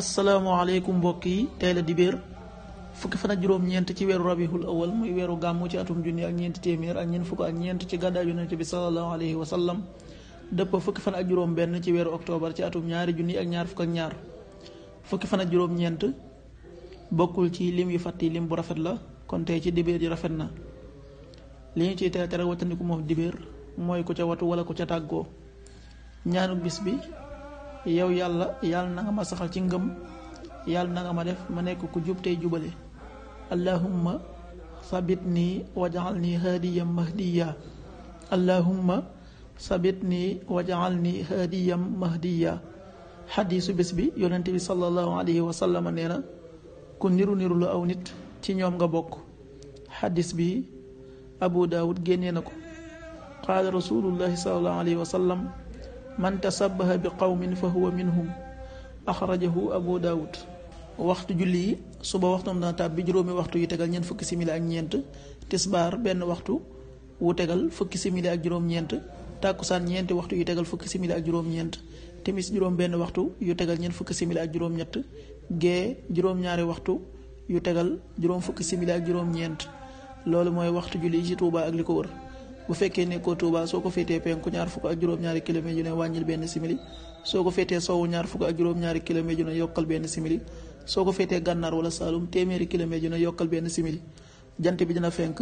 asalaamaaleykum mbokk yi tey la dibéer fukki fan ak juróom ci weeru rabiul awal muy weeru gàmmu ci atum junni ak ñeent téeméer ak ñeent fukk ak ñeent ci gàddaay yonent bi salallaahu alayhi wa sallam dëpp fukki fan ak juróom-benn ci weeru octobre ci atum ñaari junni ak ñaar fukk ak ñaar fukki fan ak juróom bokkul ci lim yu fàtt yi lim bu rafet la kon tey ci dibéer ji rafet na li ñu ciy tere tere wattandiku moom dibéer mooy ku ca watu wala ku ca tàggoo ñaanu bis bi. yow yàlla yàlla na nga ma saxal ci ngëm yàlla na nga ma def ma nekk ku jub tey jubale allahumma sabit nii wajaxal nii haadiyam mahdiya allahumma sabit nii wajaxal nii haadiyam mahdiya xadiisu bés bi yonent bi sallallahu alayhi wa sallam nee na ku niru niru la aw nit ci ñoom nga bokk xadis bi abu daawud génnee na ko qaala rasulullahi sallallahu alayhi wa man tasabbaha bi qawmin fa huwa minhum axrajahu aboo daawud waxtu julli yi suba waxtoom dana bi juróomi waxtu yu tegal ñeent fukki simili ak ñeent tisbaar benn waxtu wu tegal fukki simili ak juróom-ñeent tàkkusaan ñeenti waxtu yu tegal fukki simili ak juróom-ñeent timis juróom benn waxtu yu tegal ñeent fukki simili ak juróom-ñett gee juróom-ñaari waxtu yu tegal juróom fukki simili ak juróom-ñeent loolu mooy waxtu julli yi ci Tuuba ak li ko wër bu fekkee nekkoo Touba soo ko féetee penku ñaar fukk ak juróom-ñaari kilomètres yu ne wàññil benn simili soo ko féetee sowwu ñaar fukk ak juróom-ñaari kilomètres yu ne yokkal benn simili soo ko féetee gànnaar wala Saalum téeméeri kilomètres yu ne yokkal benn simili jant bi dina fenk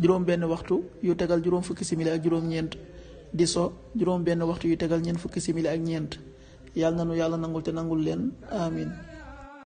juróom benn waxtu yu tegal juróom fukki simili ak juróom-ñeent di so juróom benn waxtu yu tegal ñeent fukki simili ak ñeent yàlla na nu yàlla nangul te nangul leen amin